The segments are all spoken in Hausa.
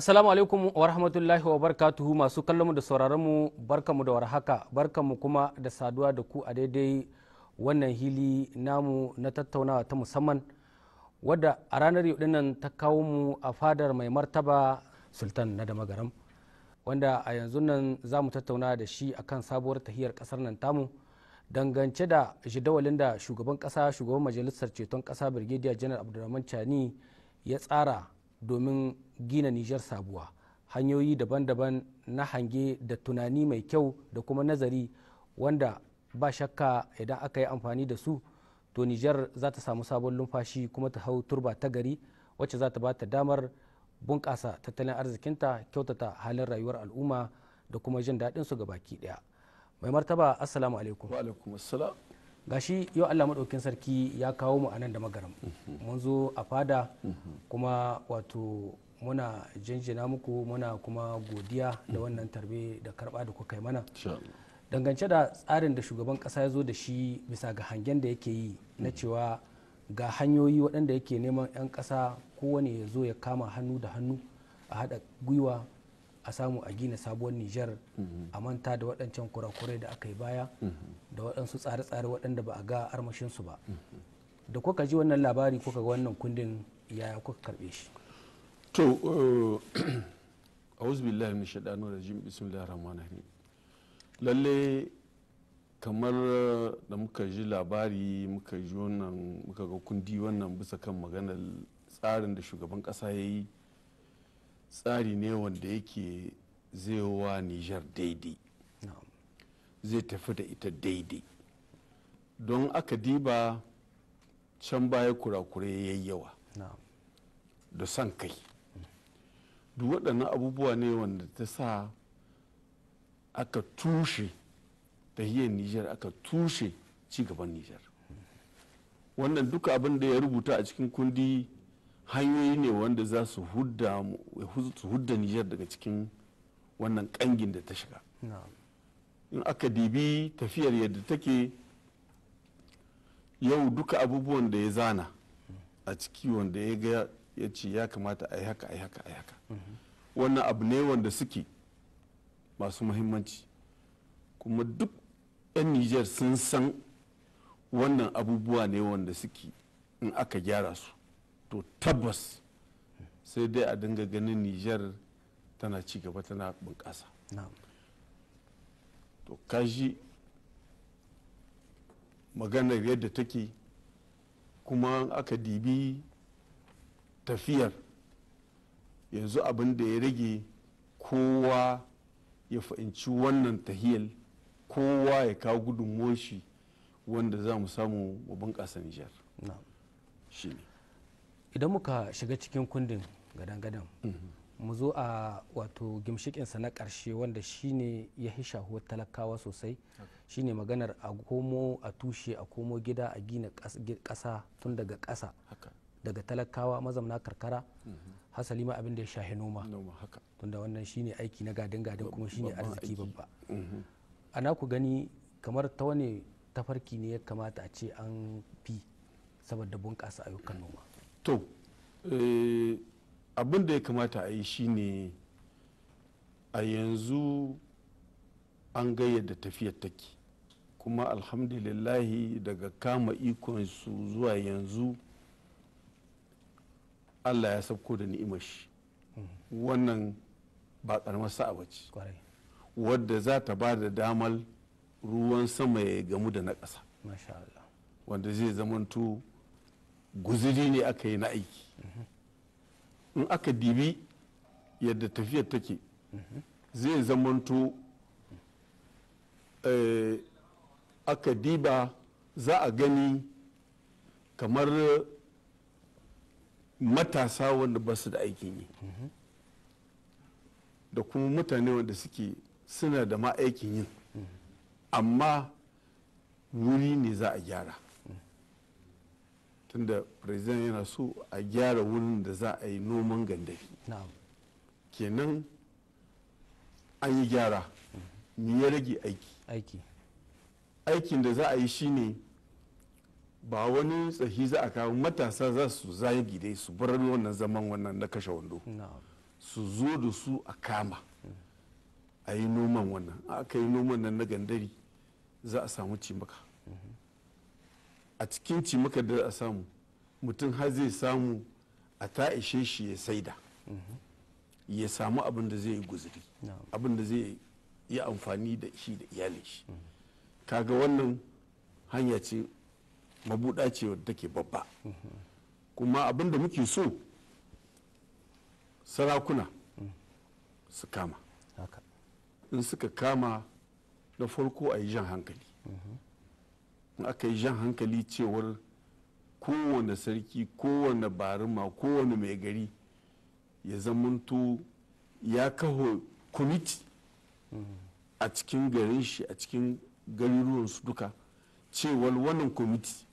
Assalamu alaikum wa rahmatullahi wa barkatuhu masu kallonmu da mu sauraronmu barkanmu da warhaka mu kuma da saduwa da ku a daidai wannan hili namu na tattaunawa ta musamman wadda a ranar yau dinnan ta kawo mu a fadar mai martaba sultan na da magaram wanda a yanzu nan za mu tattauna da shi akan sabuwar tahiyar kasar nan tamu dangance da jadawalin da shugaban kasa shugaban majalisar ceton kasa birgediya janar abdulrahman chani ya tsara domin gina nijar sabuwa hanyoyi daban-daban na hange da tunani mai kyau da kuma nazari wanda ba shakka idan aka yi amfani da su to nijar za ta samu sabon lumfashi kuma ta hau turba ta gari wacce za ta ba ta damar bunƙasa tattalin arzikinta kyautata halin rayuwar al'umma da kuma jin daɗinsu ga baki ɗaya mai martaba assalamu alaikum gashi yau Allah maɗaukin sarki ya kawo mu anan da magaram mun zo a fada kuma wato muna jinjina muku muna kuma godiya da wannan tarbe da karba da kuka yi mana dangance da tsarin da shugaban kasa ya zo da shi bisa ga hangen da yake yi na cewa ga hanyoyi waɗanda yake neman 'yan ƙasa kowane ya zo ya kama hannu da hannu a haɗa gwiwa a samu a gina sabuwar nijar mhm. a manta da waɗancan kurakurai da aka yi baya mhm. da waɗansu tsare-tsare waɗanda ba a ga armashinsu ba mhm. da kuka ji wannan labari kuka ga wannan kundin yaya kuka karɓe shi to eh, auzu billahi min shaɗanu rajim bismillahir mana ne. lalle kamar da muka ji labari muka ji wannan muka ga kundi wannan bisa kan maganar tsarin da shugaban ƙasa ya yi tsari ne wanda yake zai wa nijar daidai zai tafi da ita daidai don aka diba can baya kurakurai ya yawa da son kai duk waɗannan abubuwa ne wanda ta sa aka tushe ta hiyar nijar aka tushe cigaban nijar wannan duka abin da ya rubuta a cikin kundi hanyoyi ne wanda za su hudda nijar daga cikin wannan kangin da ta shiga in aka dibi tafiyar yadda take yau duka abubuwan da ya zana a ciki wanda ya ga ya ce ya kamata a yi haka a yi haka a yi haka mm-hmm. wannan abu ne wanda suke masu muhimmanci kuma duk 'yan nijar sun san wannan abubuwa ne wanda suke in aka gyara su to tabbas sai dai a dinga ganin nijar tana ci gaba tana bunƙasa to kashi maganar yadda take kuma aka dibi tafiyar yanzu abin da ya rage kowa ya fahimci wannan tahiyar kowa ya kawo gudunmuwar wanda za mu samu mu bunƙasa nijar shi ne idan muka shiga cikin kundin gadan-gadan mm-hmm. mu zo a wato gimshikinsa na ƙarshe wanda shine ya hi shahuwar talakawa sosai shine maganar a komo a tushe a komo gida a gina ƙasa tun daga ƙasa daga talakawa mazamna karkara mm-hmm. hasali ma abin da ya shahi noma tunda wannan shine aiki na gadin-gadin kuma shine arziki babba mm-hmm. ana ku gani kamar ta wani tafarki ne ya kamata a ce an fi saboda bunƙasa ayyukan noma to eh, abin da ya kamata a yi shine a yanzu an gayyada tafiyar take kuma alhamdulillahi daga kama ikon su zuwa yanzu allah ya sabko da ni'imar shi mm-hmm. wannan ba karamar sa'a ba ce wadda za ta ba da damar ruwan sama ya gamu da na ƙasa wanda zai zamantu. guziri ne aka yi na aiki in aka dibi yadda tafiyar take zai zamanto eh, aka diba za a gani kamar matasa wanda ba su da aikin yi da kuma mutane wanda suke suna da ma aikin yin amma wuri ne za a gyara tunda president yana so a gyara wurin da za a yi noman gandafi kenan an yi gyara mhm. me ya rage aiki aikin da za a yi shine ba wani tsahi za a kawo matasa za su su bar wannan zaman wannan na kashe wando su zo da su a kama mhm. a yi noman wannan aka yi noman nan na gandari za a samu cimaka a cikin muka da a samu mutum har zai samu a ta ishe shi ya saida ya samu abin da zai yi guzuri abin da zai yi amfani da shi da iyalin shi kaga wannan hanya ce mabuɗa ce wadda take babba kuma abin da muke so sarakuna su kama in suka kama na farko a yi jan hankali in aka yi jan hankali cewar kowane sarki kowane barima kowane mai gari ya zamanto ya kaho kwamiti a cikin garin shi a cikin garuruwansu duka cewar wannan kwamiti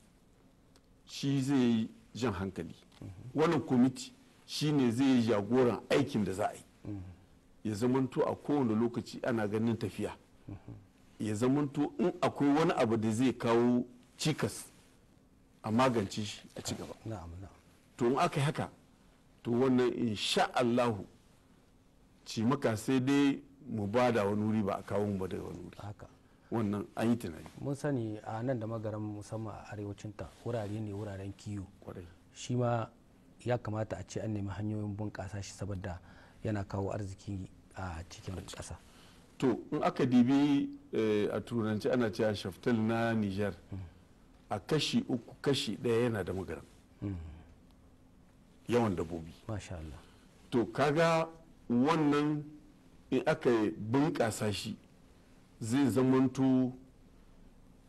shi zai yi jan hankali wannan kwamiti shi ne zai yi jagoran aikin da za a yi ya zamanto a kowane lokaci ana ganin tafiya ya zamanto in akwai wani abu da zai kawo cikas a magance shi a ci gaba to in aka yi haka to wannan insha Allahu ci maka sai dai mu ba da wani wuri ba a kawo mu ba da wani wuri wannan an yi tunani mun sani a nan da magaran musamman a arewacin ta wurare ne wuraren kiwo shi ma ya kamata a ce an nemi hanyoyin bunƙasa shi saboda yana kawo arziki a cikin ƙasa to in aka dibi eh, a turanci ana cewa shaftal na niger a kashi uku kashi daya yana da magaran hmm. yawan dabobi to kaga wannan in aka bunƙasa shi zai zamanto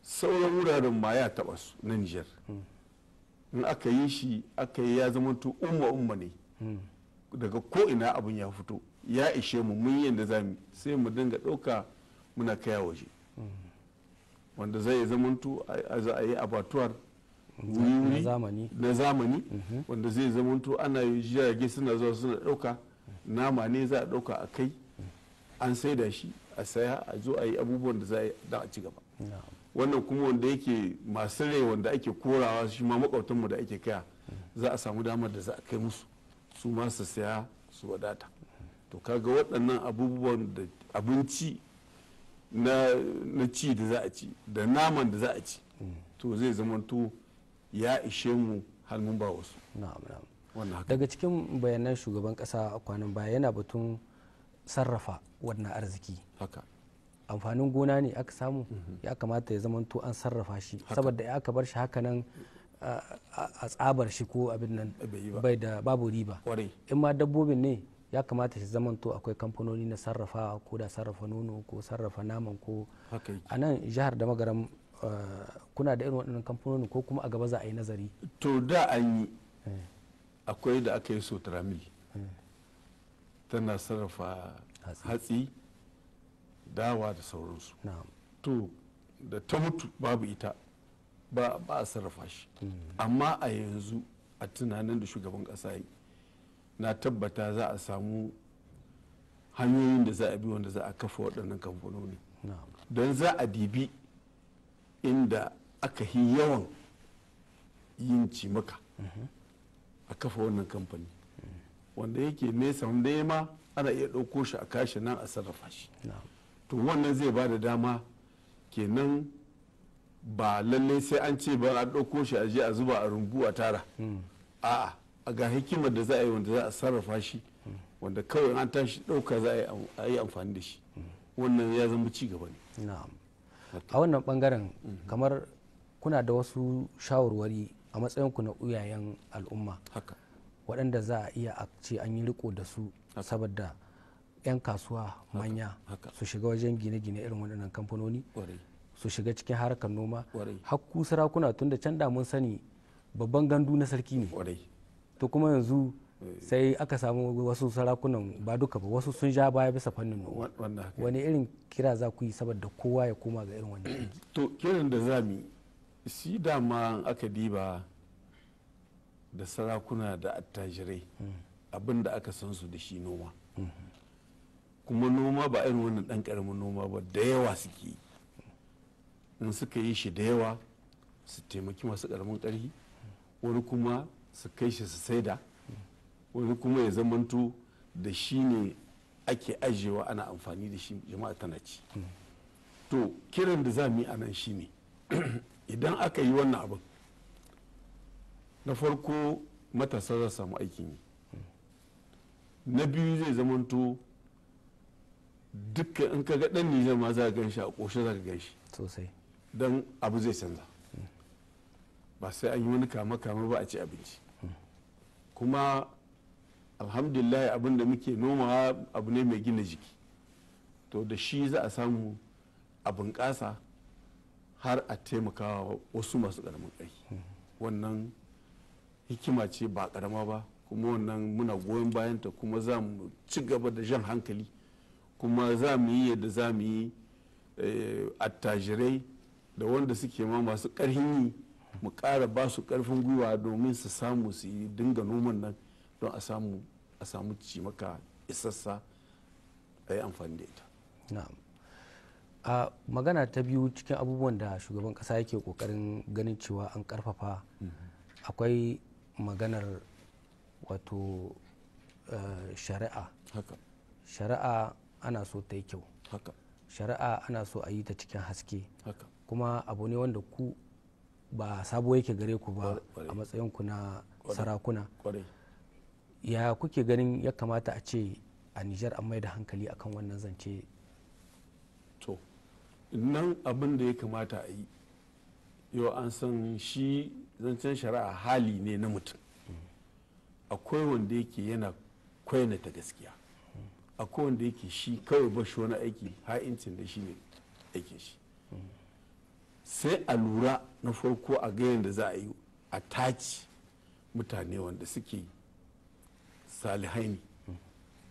sauran wuraren ma ya taɓa su na niger hmm. in aka yi shi aka yi ya zamanto umma umma ne hmm. daga ko ina abin ya fito ya ishe mu mun yi yadda za mu sai mu dinga ɗauka muna kaya waje wanda zai zamantu a yi abatuwar na zamani mhm. wanda zai zamantu ana yi jirage suna zuwa suna ɗauka nama ne za a ɗauka a kai an saida shi a saya a zo a yi abubuwan da za a ci gaba wannan kuma wanda yake masu rai wanda ake korawa shi ma makwabtanmu da ake kaya za a samu damar da za a kai musu su ma su saya su wadata to kaga waɗannan abubuwan da abinci na ci da za a ci da naman da za a ci to zai zamanto ya ishe mu halmun ba wasu daga cikin bayanan shugaban ƙasa a kwanan baya yana batun sarrafa wannan arziki amfanin gona ne aka samu ya kamata ya zamanto an sarrafa shi saboda ya aka bar shi hakanan a tsabar shi ko abin nan bai da babu riba in ma dabbobin ne ya kamata shi zamanto akwai kamfanoni na sarrafa ko da sarrafa nono ko sarrafa naman ko a nan jihar da magaram eh, kuna da irin waɗannan kamfanoni ko kuma a gaba za a yi nazari to da an yi eh. akwai da aka yi sotramil eh. tana sarrafa hatsi dawa da sauransu to da ta mutu babu ita ba a sarrafa shi hmm. amma a yanzu a tunanin da shugaban ƙasa na tabbata za a samu hanyoyin da za a bi wanda za a kafa waɗannan kamfanoni don za a dibi inda aka yi yawan yin cimaka mhm. a kafa wannan kamfani wanda yake nesa wanda ya ma ana iya ɗauko shi a kashi nan a sarrafa shi to wannan zai ba da dama kenan ba lallai sai an ce ba a ɗauko shi a je a zuba a rumbu a tara hmm. a'a ga hikimar da za a yi wanda za a sarrafa shi wanda kawai an tashi ɗauka za a yi amfani da shi wannan ya zama ci gaba ne a wannan bangaren kamar kuna da wasu shawarwari a matsayinku na uyayen al'umma waɗanda za a iya a ce an yi riko da su saboda 'yan kasuwa manya su shiga wajen gine-gine irin waɗannan kamfanoni su shiga cikin harkar noma hakku sarakuna tunda da can da mun sani babban gandu na sarki ne to kuma yanzu sai aka samu wasu sarakunan ba duka ba wasu sun ja baya bisa fannin wani irin kira za ku yi saboda kowa ya koma ga irin wannan to kiran da za mu shi dama aka diba da sarakuna da attajirai hmm. abin da aka san su da shi noma hmm. kuma noma ba irin wannan dan karamin noma ba da yawa suke in suka yi shi da yawa su taimaki masu karamin karfi wani kuma su kai shi su saida wani kuma ya zamanto da shi ne ake ajiyewa ana amfani da shi jama'a tana ci to kiran da za mu yi a nan shi ne idan aka yi wannan abin na farko matasa za samu aikin yi na biyu zai zamanto dukkan in ka ga dan nijar ma za ganshi gan shi a ƙoshe za ka gan shi sosai don abu zai canza ba sai an yi wani kama-kama ba a ci abinci kuma alhamdulillah abin da muke nomawa abu ne mai gina jiki to da shi za a samu a bunƙasa har a taimakawa wasu masu ƙaramin aiki wannan hikima ce ba ƙarama ba kuma wannan muna goyon bayanta kuma za mu ci gaba da jan hankali kuma za mu yi yadda za mu yi eh, attajirai da wanda suke ma masu ƙarhin yi mu kara ba su karfin gwiwa domin su samu su yi dinga noman nan don a samu ci maka isassa a yi amfani da ita a magana ta biyu cikin abubuwan da shugaban kasa yake kokarin ganin cewa an karfafa mm-hmm. akwai maganar wato eh, shari'a shari'a ana so ta yi kyau shari'a ana so a yi ta cikin haske kuma abu ne wanda ku ba sabo yake gare ku ba a matsayinku na sarakuna ya kuke ganin ya kamata a ce a nijar an mai da hankali akan wannan zance to nan abin da ya kamata a yi yau an san shi zancen shari'a hali ne na mutum akwai wanda yake yana ta gaskiya akwai wanda yake shi kawai ba shi wani aiki ha'incin da shi ne aikin shi sai a lura na farko a ga da za a yi a taci mutane wanda suke salihai ne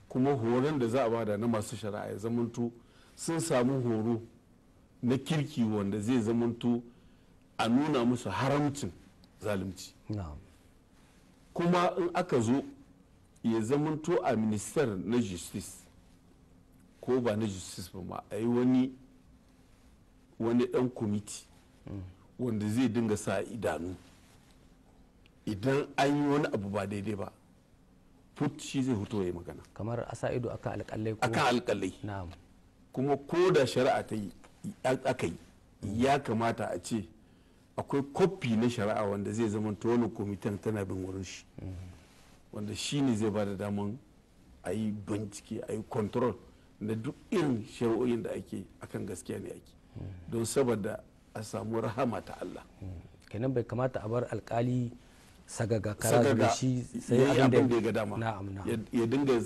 kuma horon da za a bada na masu shari'a ya zamanto sun samu horo na kirki wanda zai zamanto a nuna musu haramcin zalunci kuma in aka zo ya zamanto a minister na justice ko ba na justice ba ma a yi wani wani dan kwamiti wanda zai dinga sa idanu idan an yi wani abu ba daidai ba fut shi zai hoto ya magana kamar asa ido akan alƙalai ko akan alƙalai kuma ko da shari'a ta yi aka yi ya kamata a ce akwai kofi na shari'a wanda zai zama wani kwamitin tana bin wurin shi wanda shi ne zai ba da daman a yi bincike a yi control na duk irin shari'o'in da ake akan gaskiya ne ake don saboda a samu rahama ta Allah kenan bai kamata a bar alkali sagaga kara da shi sai abin da ya ga dama ya dinga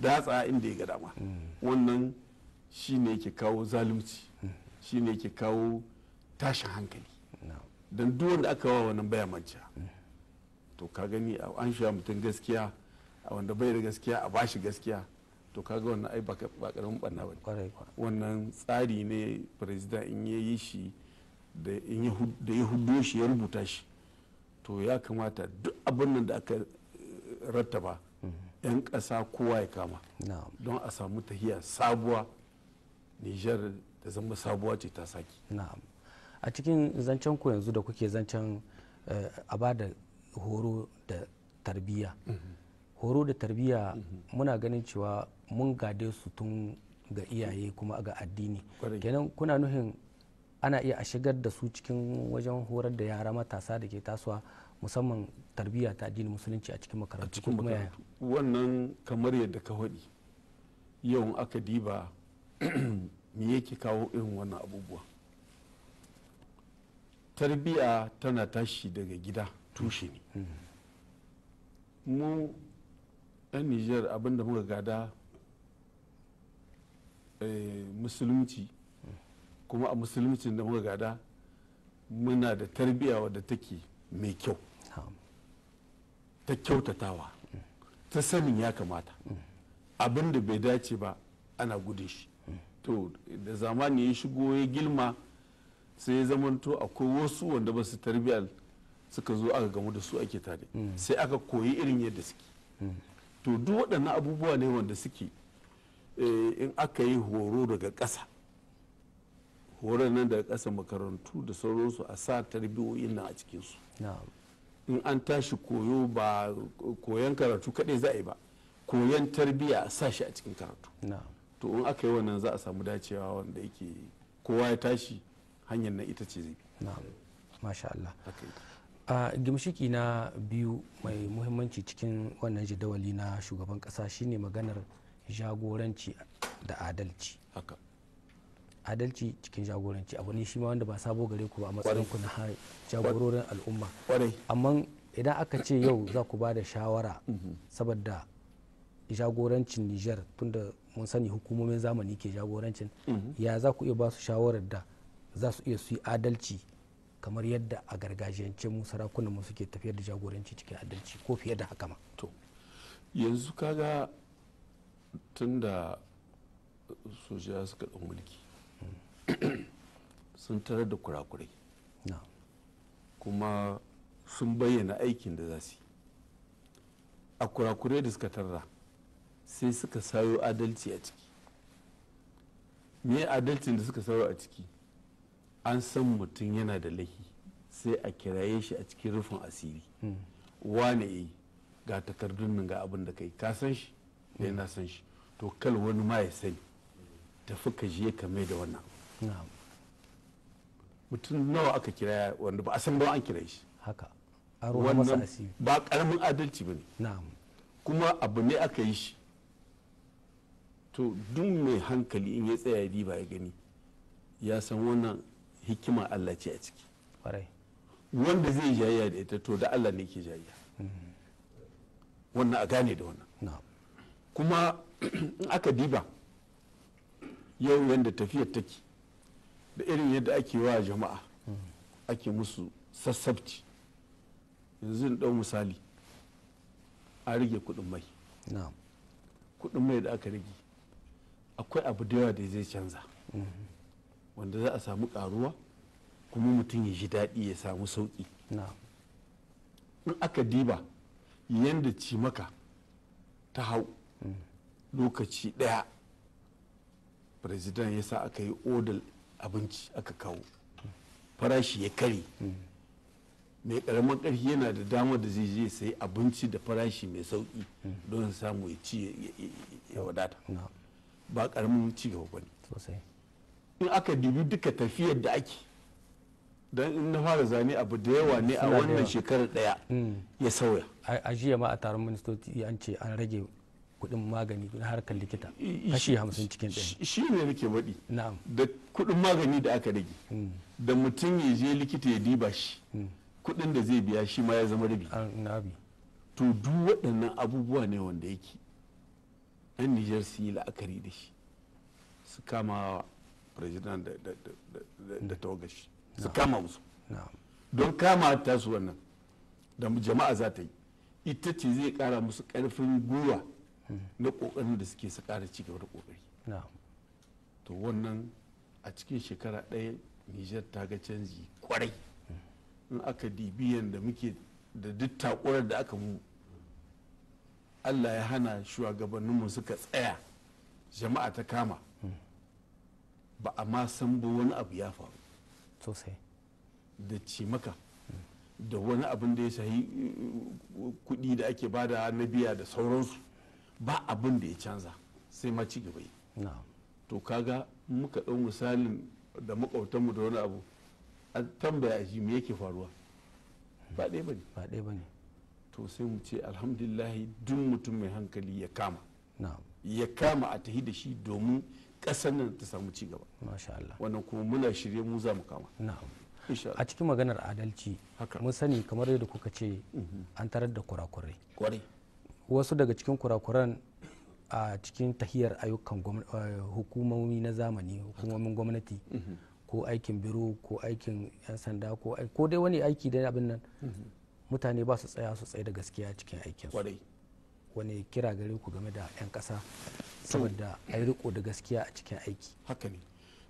datsa inda ya ga dama hmm. wannan shi ne ke kawo zalunci hmm. shi ne ke kawo tashin hankali don duk wanda aka wa wannan baya manja hmm. to ka gani an shiga mutum gaskiya a wanda bai da gaskiya a bashi gaskiya to ka ga wannan ai ba karamin barna ba wannan tsari ne president in yayi shi da ya hudu shi ya rubuta shi to ya kamata duk abin da aka eh, rattaba mhm. 'yan ƙasa kowa ya kama don a samu tahiya sabuwa nijar da zama sabuwa ce ta saki a cikin zancen ku yanzu da kuke zancen eh, a ba da horo da tarbiyya mhm. horo da tarbiyya mhm. muna ganin cewa mun gade su tun ga iyaye kuma ga addini kenan kuna nuhin ana iya a shigar da su cikin wajen horar da yara matasa da ke tasowa musamman tarbiyya ta addinin musulunci a cikin makarantu cikin makarantu wannan kamar yadda ka faɗi yau aka diba me yake kawo irin wannan abubuwa tarbiyya tana tashi daga gida tushe ne mm. mu 'yan nijar abinda muka gada eh, musulunci kuma a musulmicin da muka gada muna da tarbiyya wadda take mai kyau ta kyautatawa ta sanin ya kamata abin da bai dace ba ana gudun shi to da zamani ya shigo ya gilma sai ya zamanto akwai wasu wanda ba su tarbiyar suka zo aka gamu da su ake tare hmm. sai aka koyi irin yadda suke hmm. to duk waɗannan abubuwa ne wanda suke eh, in aka yi horo daga ƙasa horon nan daga ƙasa makarantu da sauransu a sa tarbiyoyin nan a cikinsu in an tashi koyo ba koyon karatu kaɗai za a yi ba koyan tarbiya a sa shi a cikin karatu to in aka yi wannan za a samu dacewa wanda yake kowa ya tashi hanyar nan ita ce zai bi gimshiki na biyu mai muhimmanci cikin wannan jadawali na shugaban kasa shine maganar jagoranci da adalci haka adalci cikin jagoranci abu ne shi ma wanda ba sabo gare ku ba a matsayin ku na jagororin al'umma amma idan aka ce yau za ku ba da shawara mhm. saboda jagorancin niger tunda mun sani hukumomin zamani ke jagorancin mhm. ya za ku iya ba su shawarar da za su iya su yi adalci kamar yadda a gargajiyance mu sarakunan mu suke tafiyar da jagoranci cikin adalci ko fiye da haka ma to yanzu kaga tunda sojiya suka ɗan mulki sun tarar da kurakurai kuma sun bayyana aikin da za su yi a kurakurai da suka tarra sai suka sayo adalci a ciki me adalcin da suka sayo a ciki an san mutum yana da laifi sai a kiraye shi a cikin rufin asiri hmm. wane yi eh, ga takardun nan ga abin da kai ka san shi da eh, yana san shi to kal wani ma ya sani tafi ka je ka mai da wannan mutum nawa aka kira wanda ba a san ba an kira shi haka wannan ba karamin adalci ba ne kuma abu ne aka yi shi to duk mai hankali in ya tsaya riba ya gani ya san wannan hikima allah ce a ciki wanda zai jayya da ita to da allah ne ke jayya mm-hmm. wannan a gane da wannan kuma aka diba yau yadda tafiyar take da irin yadda ake wa jama'a ake musu sassabci yanzu in ɗau misali a rage kudin mai kudin mai da aka rage akwai abu da yawa da zai canza wanda za a samu karuwa kuma mutum ya ji daɗi ya samu sauƙi in aka diba yadda cimaka ta hau mm. lokaci ɗaya president ya sa aka yi odal abinci aka kawo farashi ya kare mai karamin karfi yana da dama da zai je sai abinci da farashi mai sauki don samu ya ci ya wadata ba karamin ci gaba ba ne in aka dubi duka tafiyar da ake don in na fara zane abu da yawa ne a wannan shekarar daya mm. ya sauya a jiya ma a taron ministoci an ce an rage kuɗin magani na harkar likita kashi hamsin cikin ɗari shi ne nake baɗi da kuɗin magani da aka rage hmm. da mutum ya je likita ya diba shi hmm. kuɗin da zai biya shi ma ya zama rabi ah, to duk waɗannan abubuwa ne wanda yake yan nijar su yi la'akari da shi su kama president da hmm. tawagashi su kama musu don kama tasu wannan da jama'a za ta yi ita ce zai kara musu karfin gwiwa na kokarin da suke su kara ci gaba da kokari to wannan a cikin shekara ɗaya nijar ta ga canji kwarai in aka dibiyan da muke da duk takurar da aka mu allah ya hana shugabanninmu suka tsaya jama'a ta kama ba a ma san ba wani abu ya faru sosai da cimaka da wani abin da ya shahi eh, kudi da ake bada na biya da sauransu ba abin da ya canza sai ma ci gaba to kaga muka ɗau misalin da makwautanmu da wani abu a tambaya a ji me yake faruwa ba ɗaya ba ne ba ɗaya ba ne to sai mu ce alhamdulillahi duk mutum mai hankali ya kama ya kama a tahi da shi domin ƙasar nan ta samu ci gaba masha Allah wannan kuma muna shirye mu za mu kama a cikin maganar adalci mun sani kamar yadda kuka ce mhm. an tarar da kurakurai kwarai wasu daga cikin kurakuran a cikin tahiyar ayyukan eh, hukumomi na zamani hukumomin gwamnati ko aikin biro ko aikin 'yan sanda ko dai wani aiki da abin nan mutane ba su tsaya su tsaye da gaskiya cikin aikin wani kira gare ku game da 'yan kasa saboda a yi riko da gaskiya a cikin aiki haka ne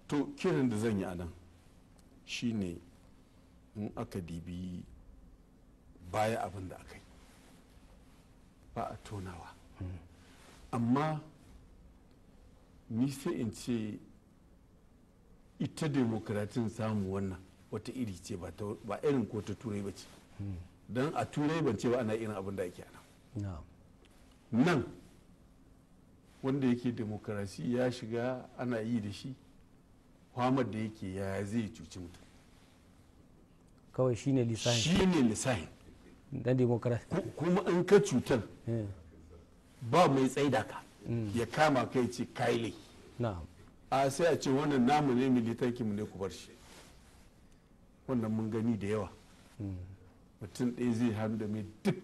to kiran da zan yi a nan shine in aka dibi baya abin da aka yi ba a tonawa amma ni sai in ce ita demokratin samu wannan wata iri ce ba irin ko ta turai ba ce don a turai ban ce ba ana irin abin da ake ana nan wanda yake demokrasi ya shiga ana yi da shi kwamar da yake ya zai cuci mutum kawai shine lissahin shine lissahin dan demokarasi kuma in ka cutar eh. ba mai tsaida ka hmm. ya kama kai ce kaile a sai a ce wannan namu ne militanki mu ne ku bar shi wannan mun gani da yawa hmm. mutum ɗaya zai hannu da mai duk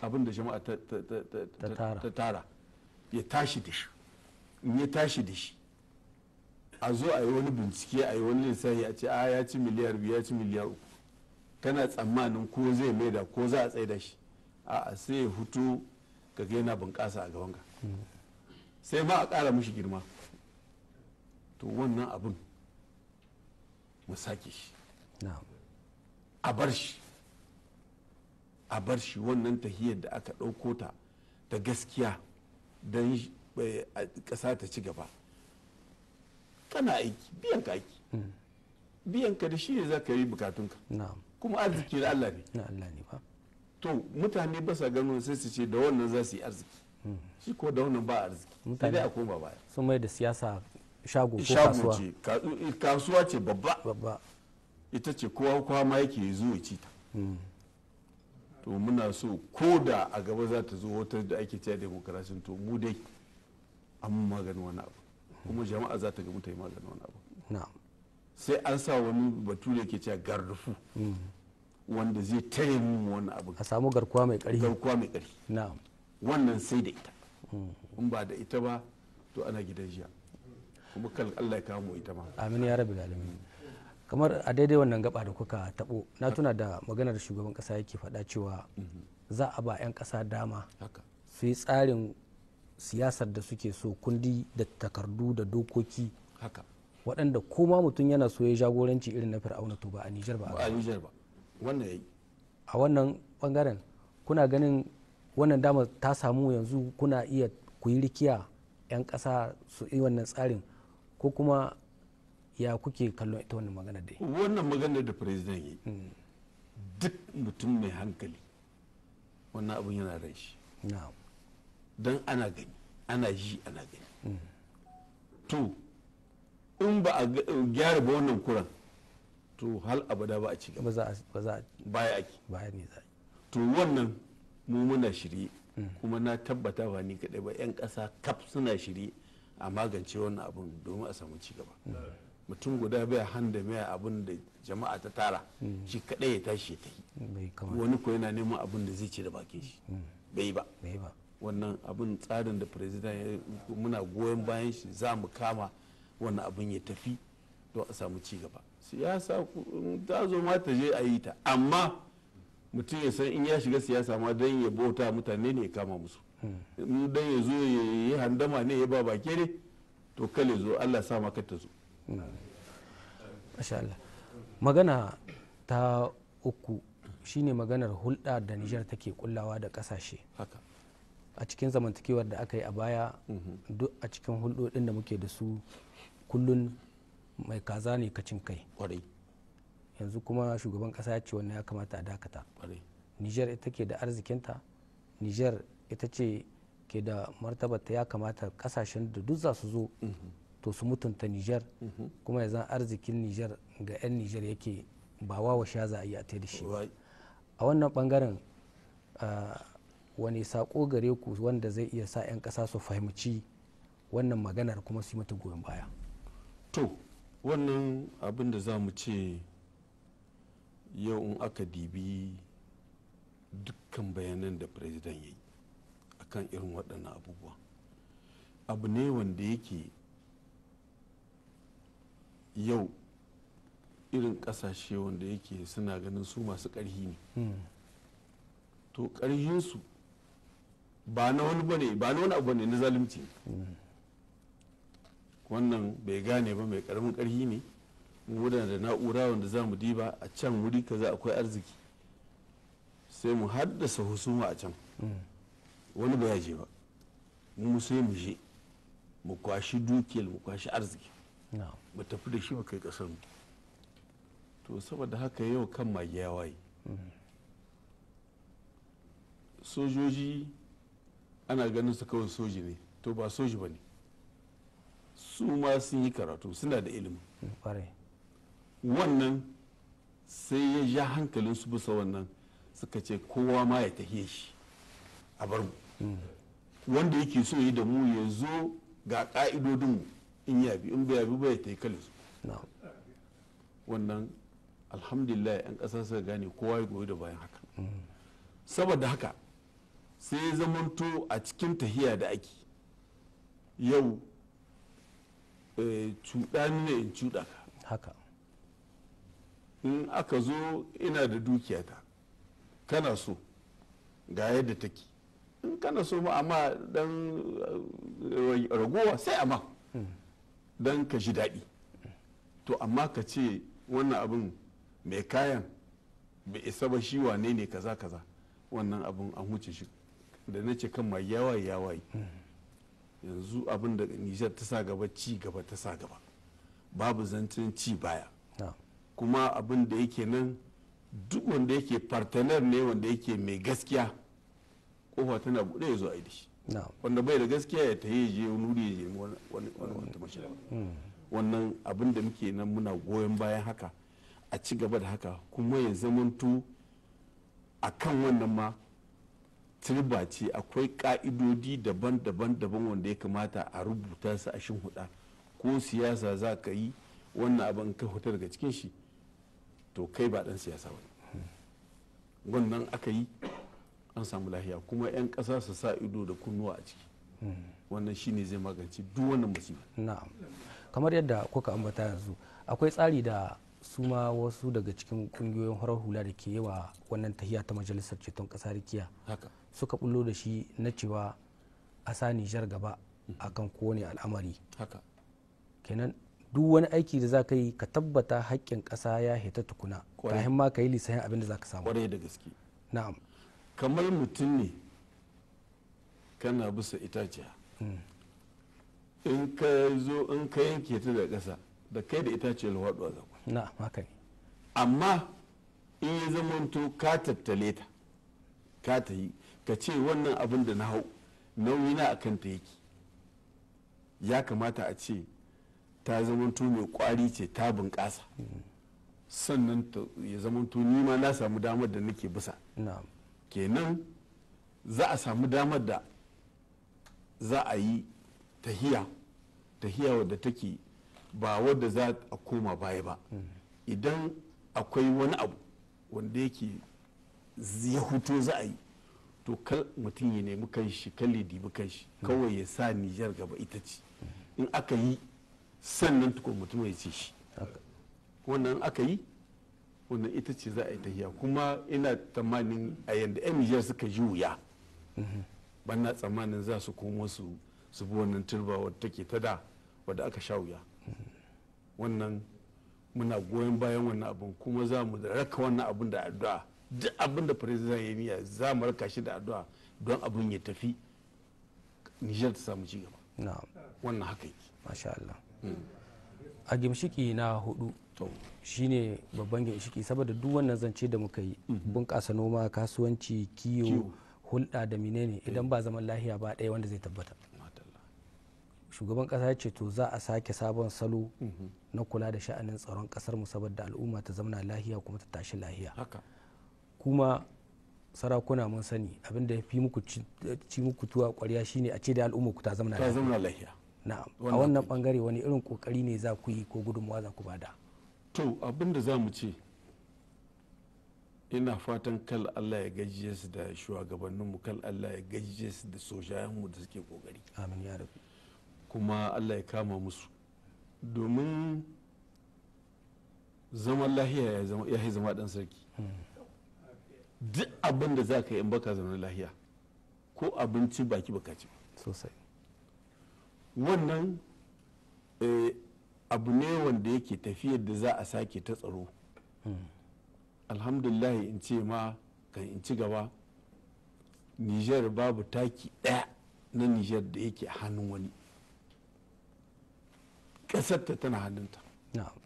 abin da jama'a ta tara ya tashi da shi in ya tashi da shi a zo a yi wani bincike a yi wani lissafi a ce a ya ci miliyar biyu ya ci miliyar uku kana tsammanin ko zai maida ko za a da shi a sai ya hutu ga yana bunƙasa a gaban ka sai ma a ƙara mishi girma to wannan abin mu sake shi a bar shi a bar shi wannan tahiyar da aka ɗauko ta da gaskiya don eh, ƙasa ta ci gaba kana aiki biyan ka aiki hmm. biyan ka da shi ne za ka yi bukatunka kuma arziki da Allah ne na Allah ne ba to mutane ba sa gano sai su ce da wannan za su yi arziki hmm. shi ko da wannan ba arziki sai dai a koma baya sun mai da siyasa shago ko kasuwa ce kasuwa ce babba babba ita ce kowa kowa ma yake zo ya ci ta hmm. to muna so ko da a gaba za ta zo wata da ake cewa demokarashin to mu dai an magani wani abu kuma jama'a za ta ga mutane maganin wani abu na'am sai an sa wani batu da ke cewa gardufu wanda zai tare mu wani abu a samu garkuwa mai ƙarfi garkuwa mai ƙarfi na'am wannan sai da ita mm. in ba da ita ba to ana gidan jiya kuma kan Allah ya kawo ita ma amin ya rabbi alamin kamar a daidai wannan gaba da kuka tabo na tuna da maganar shugaban kasa yake faɗa cewa mm-hmm. za a ba 'yan ƙasa dama su yi tsarin siyasar da suke so kundi da takardu da dokoki waɗanda koma mutum yana so ya jagoranci irin na fir'auna to ba a nijar ba a nijar ba wannan yayi a wannan bangaren kuna ganin wannan dama ta samu yanzu kuna iya ku yi rikiya 'yan ƙasa su yi wannan tsarin ko kuma ya kuke kallon ita wannan magana dai wannan magana da firizidan yi hmm. duk mutum mai hankali wannan abun yana ran shi don ana gani ana ji ana gani hmm. to in ba a gyara ba wannan kuran to hal abada ba a ci gaba ba ake baya ne za to wannan mu muna shirye kuma na tabbata ba ni kadai ba yan kasa kaf suna shirye a magance wannan abun domin a samu ci gaba mutum guda bai handa mai abun da jama'a ta tara shi kadai ya tashi ya tafi wani ko yana neman abun da zai ci da bakin shi mm. bai ba wannan abun tsarin da president muna goyon bayan shi za mu kama wannan abin ya tafi don a samu ci gaba siyasa ta zo ma ta je a yi ta amma mutum ya san in ya shiga siyasa ma don ya bauta mutane ne ya kama musu don ya zo ya yi handama ne ya ba bake ne to kale zo allah sa maka ta zo magana ta uku shine maganar hulɗa da nijar take kullawa da ƙasashe a cikin zamantakewar da aka yi a baya mhm. duk a cikin hulɗoɗin da muke da su kullun mai kaza ne kacin kai yanzu kuma shugaban kasa ya ce wannan ya kamata a dakata Nijar ita ke da arzikinta niger ita ce ke da martabata ya kamata kasashen da duk za su zo mhm. to su mutunta Nijar mhm. kuma ya zan arzikin Nijar ga 'yan Nijar yake ba wawa sha za a yi a da shi a wannan bangaren wani sako gare ku wanda zai iya sa 'yan kasa su fahimci wannan maganar kuma su yi mata goyon baya to wannan abin da za mu ce yau in aka dibi dukkan bayanan da firizidan ya yi akan irin waɗannan abubuwa abu ne wanda yake yau irin ƙasashe wanda yake suna ganin su masu ƙarhi ne hmm. to ƙarhinsu ba na wani ba na wani abu ne na zalunci hmm. wannan bai gane ba mai karamin karhi ne wadanda da na'ura wanda za mu diba a can wuri ka za akwai arziki sai mu haddasa husuma a can hmm. wani ba ya je ba mu sai mu je mu kwashi dukiyar mu kwashi arziki mu tafi da shi kai kasar mu to saboda haka yau kan mage ya waye hmm. sojoji ana ganin su kawai soji ne to ba soji ba ne su ma sun yi karatu suna da ilimi wannan sai ya ja hankalin su bisa wannan suka ce kowa ma ya tahiye shi a bar mu hmm. wanda yake so yi da mu ya zo ga ka'idodin in ya bi in bai bi ba ya yi kalin su wannan alhamdulillah yan ƙasa suka gane kowa ya goyi da bayan haka hmm. saboda haka sai zamanto a cikin tahiya da ake yau Eh, cuɗa ne in cuɗa ka haka in aka zo ina da dukiya ta kana so ga yadda take in kana so ma amma dan eh, ragowa sai amma hmm. dan ka ji daɗi to amma ka ce wannan abin mai kayan bai isa ba shi wane ne kaza kaza wannan abin an wuce shi da na ce kan mai yawai yawaye hmm. yanzu abin da nijar ta sa gaba ci gaba ta sa gaba babu zancen ci baya kuma abin da yake nan duk wanda yake partenar ne wanda yake mai gaskiya kofa tana buɗe ya zo a shi wanda bai da gaskiya ya tayi je nuri ya je wani wata mashina hmm. wannan abin da muke nan muna goyon bayan haka a ci gaba da haka kuma ya zamanto a kan wannan ma turba ce akwai ka'idodi daban-daban daban wanda ya kamata a rubuta su a huda ko siyasa za ka yi wannan abin ka huta daga cikin shi to kai ba dan siyasa ba wannan aka yi an samu lahiya kuma 'yan ƙasa su sa ido da kunnuwa a ciki wannan shine zai magance duk wannan musiba na'am kamar yadda kuka ambata yanzu akwai tsari da su ma wasu daga cikin kungiyoyin horar hula da ke yawa wannan tahiya ta majalisar ceton kasa rikiya suka bullo da shi na cewa a sa nijar gaba a kan kowane al'amari kenan duk wani aiki da za ka yi ka tabbata haƙƙin ƙasa ya hita tukuna kafin ma ka yi lisanin abin da za ka samu da gaske na'am kamar mutum ne kana bisa itaciya mm. in ka zo in ka yanke ta da ƙasa da kai da itaciyar waɗuwa zaku haka amma in ya zamanto ka tattale ta ka ta yi ka ce wannan abin da na hau nauyi na a kanta yake ya kamata a ce ta zamanto mai kwari ce ta bunƙasa sannan ya zamanto ni ma na samu damar da nake bisa kenan za a samu damar da za a yi tahiya tahiya wadda take ba wadda za a koma baya ba idan akwai wani abu wanda yake ya hutu za a yi to kal mutum ya nemi kanshi kal ya kan kanshi kawai ya sa nijar gaba ita ce in aka yi sannan tukun mutum ya ce shi wannan aka yi wannan ita ce za a yi tahiya kuma ina tsammanin a yadda yan nijar suka ji wuya ban na tsammanin za su komo su bi wannan turba wadda take ta da wadda aka sha wuya wannan muna goyon bayan wannan abin kuma za mu raka wannan abin da addu'a duk abin da zai ya niyya za mu raka shi da addu'a don abin ya tafi nijar ta samu cigaba wannan haka yake masha Allah hmm. a gimshiki na hudu shine babban gimshiki saboda duk wannan zance da muka yi mhm. bunƙasa noma kasuwanci kiwo hulɗa da menene idan eh. ba zaman lahiya ba ɗaya wanda zai tabbata shugaban kasa ya ce to za a sake sabon salo mhm. na kula da sha'anin tsaron kasar mu saboda al'umma ta zama lahiya kuma ta tashi lahiya kuma sarakuna mun sani abin da ya fi muku ci muku tuwa kwarya shine a ce da al'umma ku ta zama lahiya na'am a wannan bangare wani irin kokari ne za ku yi ko gudunmawa za ku bada to abin da za mu ce ina fatan kal Allah ya gajiye su da shugabanninmu kal Allah ya gajiye su da sojayenmu da suke kokari amin ya rabu kuma allah ya kama musu domin zaman lahiya ya yi zama dan sarki duk abin da za ka yi baka zaman lahiya ko abinci baki baka ci sosai wannan eh, abu ne wanda yake tafiyar da za a sake ta tsaro hmm. alhamdulillah in ce ma kan in ci gaba niger babu taki ɗaya na niger da yake hannun wani ta tana hannunta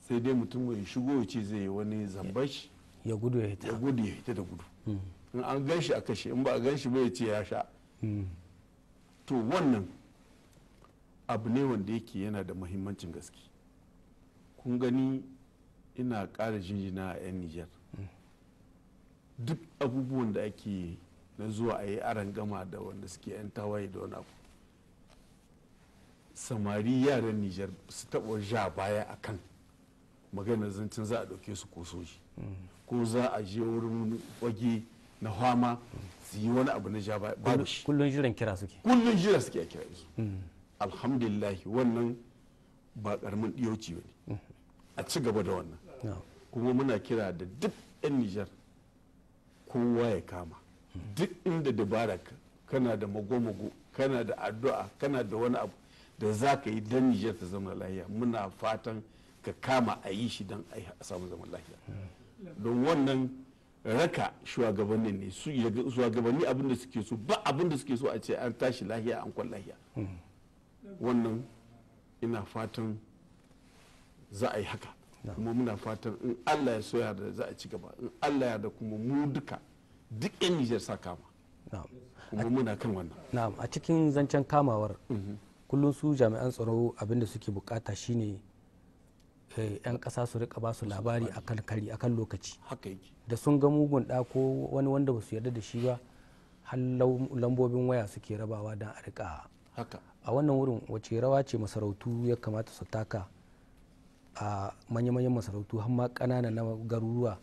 sai dai mutum mai shigo ce zai yi wani zambashi ya gudu ya hita gudu ya hita da gudu hmm. in an gan shi a kashe in ba a gan shi ba ya ce ya sha hmm. to wannan abu ne wanda yake yana da mahimmancin gaske kun gani ina kara jinjina a 'yan nijar hmm. duk abubuwan da ake na zuwa a yi aran gama da wanda suke 'yan tawaye da wani abu samari yaran nijar su taɓa ja baya a kan maganar zancen za a ɗauke su ko soji ko za a je wurin wage na fama su yi wani abu na ja baya babu shi kullum jiran kira suke kullum jira suke a kira su alhamdulillah wannan ba karamin ɗiyoci ba ne a ci gaba da wannan kuma muna kira da duk 'yan nijar kowa ya kama duk inda dabara kana da magomago kana da addu'a kana da wani abu da za ka yi don nijar ta zama lahiya muna fatan ka kama a yi shi don a samu zaman lahiya don wannan raka shugabanni ne su shugabanni abin da suke so ba abin da suke so a ce an tashi lahiya an kwan lahiya wannan ina fatan za a yi haka kuma muna fatan in allah ya soya da za a ci gaba in allah ya da kuma mu duka duk yan nijar sa kama kuma muna kan wannan a cikin zancen kamawar mhm. kullum su jami'an tsaro abinda suke bukata shine yan eh, kasa su rika ba su labari kan kari akan lokaci da sun ga mugun da ko wani wanda ba su yarda da shi ba har lambobin waya suke rabawa don a rika a wannan wurin wace rawa ce masarautu ya kamata su taka a manya-manyan masarautu har ma ƙanana na garuruwa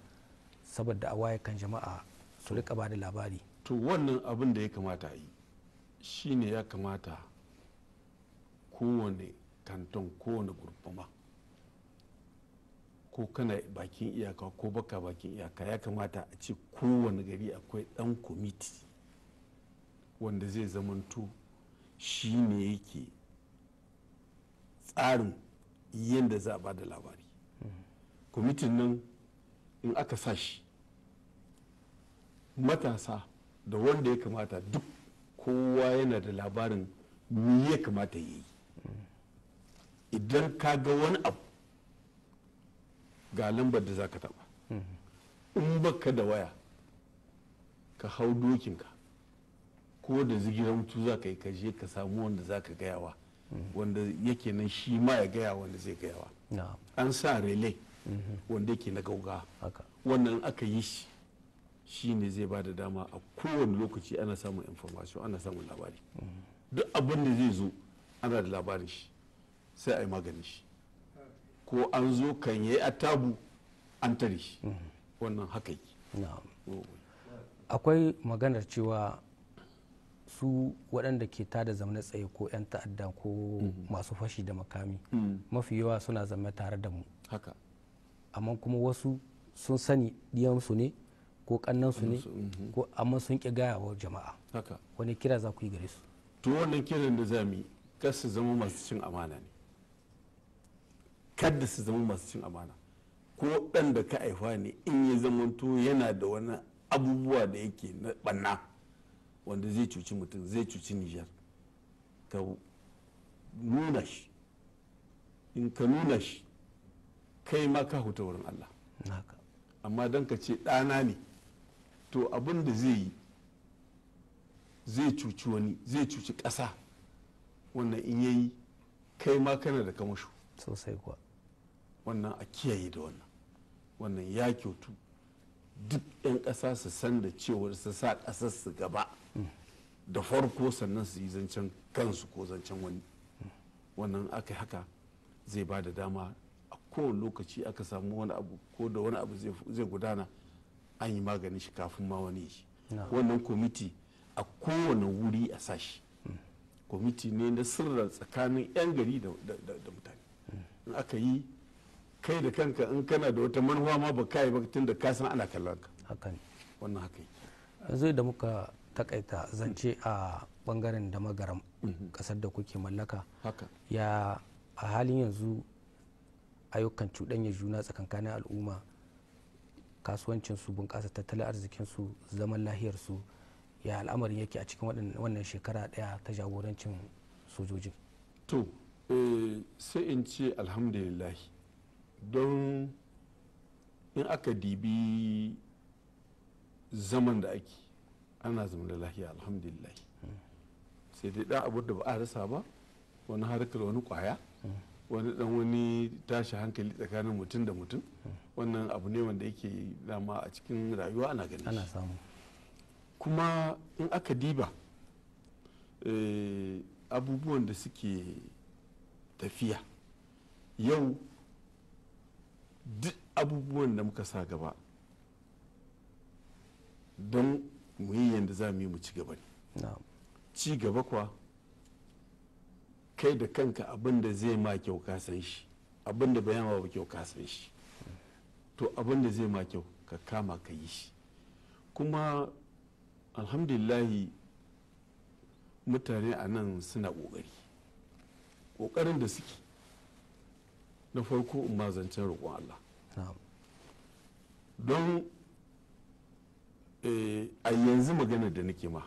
saboda a waye kan jama'a su rika ba da labari to wannan abin da ya kamata yi shine ya kamata kowane kanton kowane gurfama ko kana bakin iyaka ko baka bakin iyaka ya kamata a ce kowane gari akwai dan kwamiti wanda zai zamanto shi ne yake tsarin yadda za a ba da labari kwamitin nan in aka sa shi matasa da wanda ya kamata duk kowa yana da labarin me ya kamata ya yi idan ka ga wani abu ga lambar da za ka taba in baka da waya ka hau dokinka ko da zigiran mutu za ka yi ka je ka samu wanda za ka gayawa wanda yake nan shi ma ya gaya wanda zai gayawa an sa relay wanda yake na gauga wannan aka yi shi shi ne zai ba da dama a kowane lokaci ana samun information ana samun labari duk abin da zai zo ana da labarin shi sai a yi maganin shi ko an zo kan yi attabu an tare shi wannan haka yi akwai maganar cewa su waɗanda ke tada zamne tsaye ko 'yan ta'adda ko mhm. masu fashi da makami mhm. mafi yawa suna zama tare da mu haka amma kuma wasu sun sani diyansu ne ko kannansu ne mhm. ko amma sun ƙi gaya wa jama'a wani kira za ku yi gare su to wannan kiran da za mu yi zama masu cin amana ne kada su zama masu cin amana ko ɗan da ka haifa ne in ya to yana da wani abubuwa da yake na ɓanna wanda zai cuci mutum zai cuci nijar ka nuna shi in ka nuna shi kai ma ka huta wurin allah amma don ka ce ɗana ne to abin da zai yi zai cuci wani zai cuci ƙasa wannan in yayi kai ma kana da kamashu sosai kuwa wannan a kiyaye da wannan wannan ya kyautu duk 'yan ƙasa su san da cewar su sa ƙasar su gaba da farko sannan su yi zancen kansu ko zancen wani wannan aka haka zai ba da dama a kowane lokaci aka samu wani abu ko da wani abu zai gudana an yi maganin shi kafin ma wani shi wannan kwamiti a kowane wuri a sashi kwamiti ne na sirra tsakanin 'yan gari da mutane mm. in aka yi kai da kanka in kana da wata manufa ma ba kai ba tun da ka ana kallon ka hakan wannan haka yanzu da muka takaita zance a bangaren da magaram kasar mhm. da kuke mallaka ya a halin yanzu ayyukan cuɗanya juna tsakankanin al'umma kasuwancin su bunƙasa tattalin arzikin su zaman lahiyar su ya al'amarin yake a cikin wannan shekara ɗaya ta jagorancin sojojin to eh, sai in ce alhamdulillahi don in aka dibi zaman da ake ana zama da lahiya alhamdulillah sai dai dan abu da ba a rasa ba wani harkar wani kwaya wani dan wani tashi hankali tsakanin mutum da mutum wannan abu ne wanda yake dama a cikin rayuwa ana gani ana samu kuma in aka diba eh, abubuwan da suke tafiya yau duk abubuwan da muka sa gaba don mu yi yadda za mu yi mu ci gaba ne ci gaba kwa kai da kanka abin da zai ma kyau ka san shi abin da bayan ba kyau ka san shi to abin da zai ma kyau ka kama ka yi shi kuma alhamdulillahi mutane a nan suna ƙoƙari ƙoƙarin da suke na farko in ma zancen roƙon Allah don eh, a yanzu magana da nake ma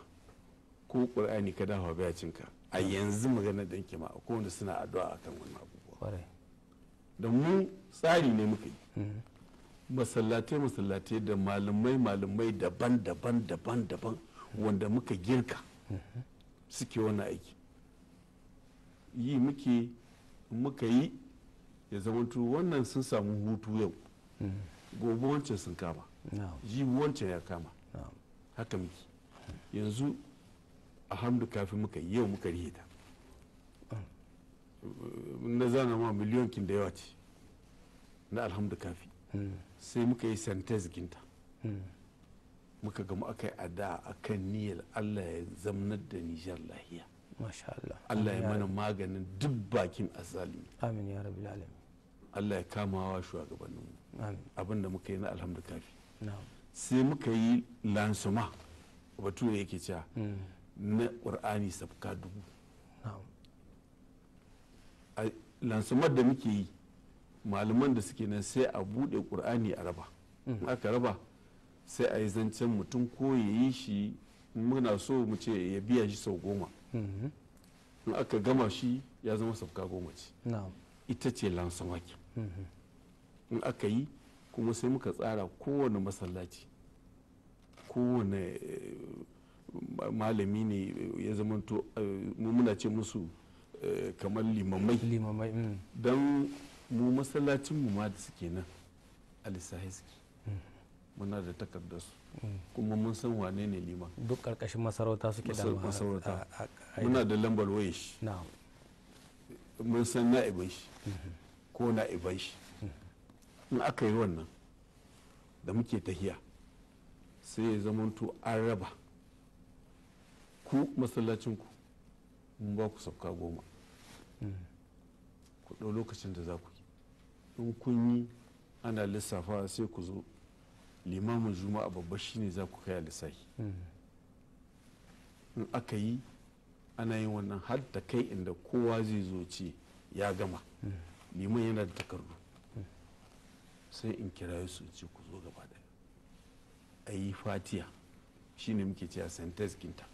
ko ƙur'ani ka dafa baya cinka a yanzu magana da nake ma ko wanda suna addu'a kan wani abubuwa don mu tsari ne muka yi mm-hmm. masallatai masallatai da malamai malamai daban daban daban daban wanda muka girka mm-hmm. suke wani aiki yi muke muka yi ya zamanto wannan sun samu hutu yau mm. gobe wancan sun kama jibi wancan ya kama haka miki yanzu alhamdu kafi muka yau muka rihe ta mm. na zana ma kin da yawa ce na alhamdu kafi mm. sai muka yi santes ginta muka gama aka yi ada a kan niyyar allah ya zamna da nijar lahiya Allah ya mana maganin duk bakin azalimi amin ya rabbi alamin Allah ya kamawa mu abin da muka yi na alhamdu kafi sai muka yi lansuma da yake cewa hmm. na ƙur'ani sabka dubu lansumar da muke yi malaman da suke nan sai a buɗe ƙur'ani a raba hmm. aka raba sai a yi zancen mutum ko ya yi shi muna so mu ce ya biya shi sau goma hmm. in aka gama shi ya zama sabka goma ce ita ce lansumar in aka yi kuma sai muka tsara kowane masallaci kowane eh, malami ne eh, ya zamanto eh, mu muna ce musu kamar limamai limamai mm. don mu masallacin mu ma da suke nan a suke mm. muna da takardar su mm. kuma mun san wane ne liman duk karkashin masarauta suke da masarauta muna da lambar waye shi mun san na'ibin shi mm-hmm. ko na iban shi in aka yi wannan da muke tahiya sai ya zamanto an raba ku masallacinku mun ba ku sauka goma ku ɗau lokacin da za ku yi in kun yi ana lissafa sai ku zo limamin juma'a babba shine za ku kai lissafi in aka yi ana yin wannan har da kai inda kowa zai zo ce ya gama liman yana da takardu sai in kira su ce ku zo gaba daya a yi fatiya shine muke cewa sentence ginta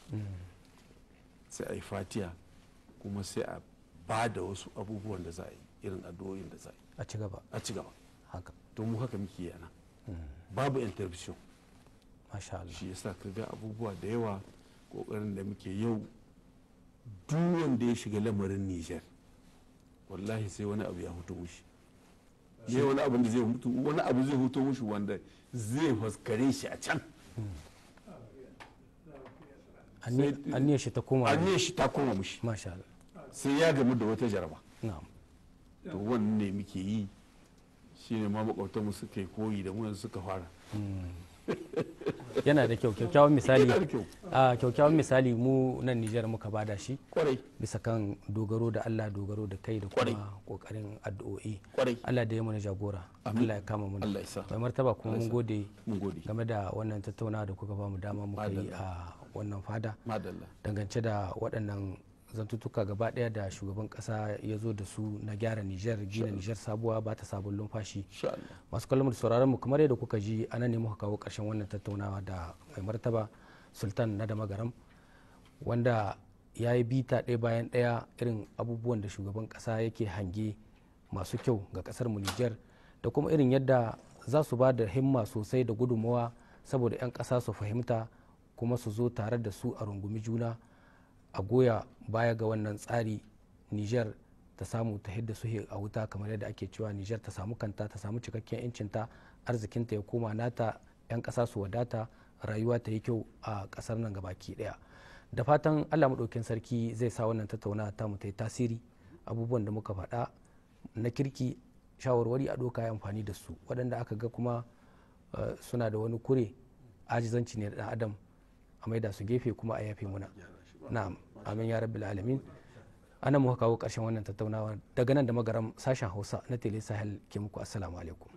sai a yi fatiya kuma sai a ba da wasu abubuwan da za a yi irin addu'o'in da za a yi a ci gaba a ci gaba haka to mu haka muke yana hmm. babu interruption masha Allah shi yasa ka ga abubuwa da yawa kokarin da muke yau duk wanda ya shiga lamarin Niger wallahi sai wani abu ya hutu mushi ne wani abu da zai hutu wani abu zai hutu mushi wanda zai faskare shi a can anniyar shi ta koma anniyar shi ta koma mushi sai ya gamu da wata jaraba to wannan ne muke yi shine ma makwabtanmu suka yi koyi da mu suka fara hmm. yana da kyau kyakkyawan misali a kyakkyawan misali mu nan Nijar muka bada shi bisa kan dogaro da Allah dogaro da kai da kuma kokarin addu'o'i Allah da ya mana jagora Allah ya kama mu mai martaba kuma mun gode game da wannan tattauna da kuka ba mu dama muka yi a wannan fada dangance da waɗannan zantutuka gaba daya da shugaban kasa ya zo da su na gyara nijar gina nijar sabuwa ba ta sabon lumfashi masu kallon da sauraron mu kamar yadda kuka ji ana ne muka kawo karshen wannan tattaunawa da mai martaba sultan na da magaram wanda ya yi bita ɗaya bayan ɗaya irin abubuwan da shugaban ƙasa yake hange masu kyau ga ƙasar mu Nijar da kuma irin yadda za su ba da himma sosai da gudunmawa saboda 'yan ƙasa su fahimta kuma su zo tare da su a rungumi juna a goya baya ga wannan tsari niger ta samu ta hidda su a wuta kamar yadda ake cewa niger ta samu kanta ta samu cikakken yancinta arzikinta ya koma nata 'yan ƙasa su wadata rayuwa ta yi kyau a ƙasar nan gabaki daya da fatan allah maɗaukin sarki zai sa wannan tattaunawa ta mu ta yi tasiri abubuwan da muka faɗa na kirki shawarwari a doka ya amfani da su waɗanda aka ga kuma eh, suna da wani kure ajizanci ne da adam a maida su gefe kuma a yafe muna na'am amin ya rabbil alamin ana muka kawo karshen wannan tattaunawa daga nan da magaram sashen hausa na tele sahel ke muku assalamu alaikum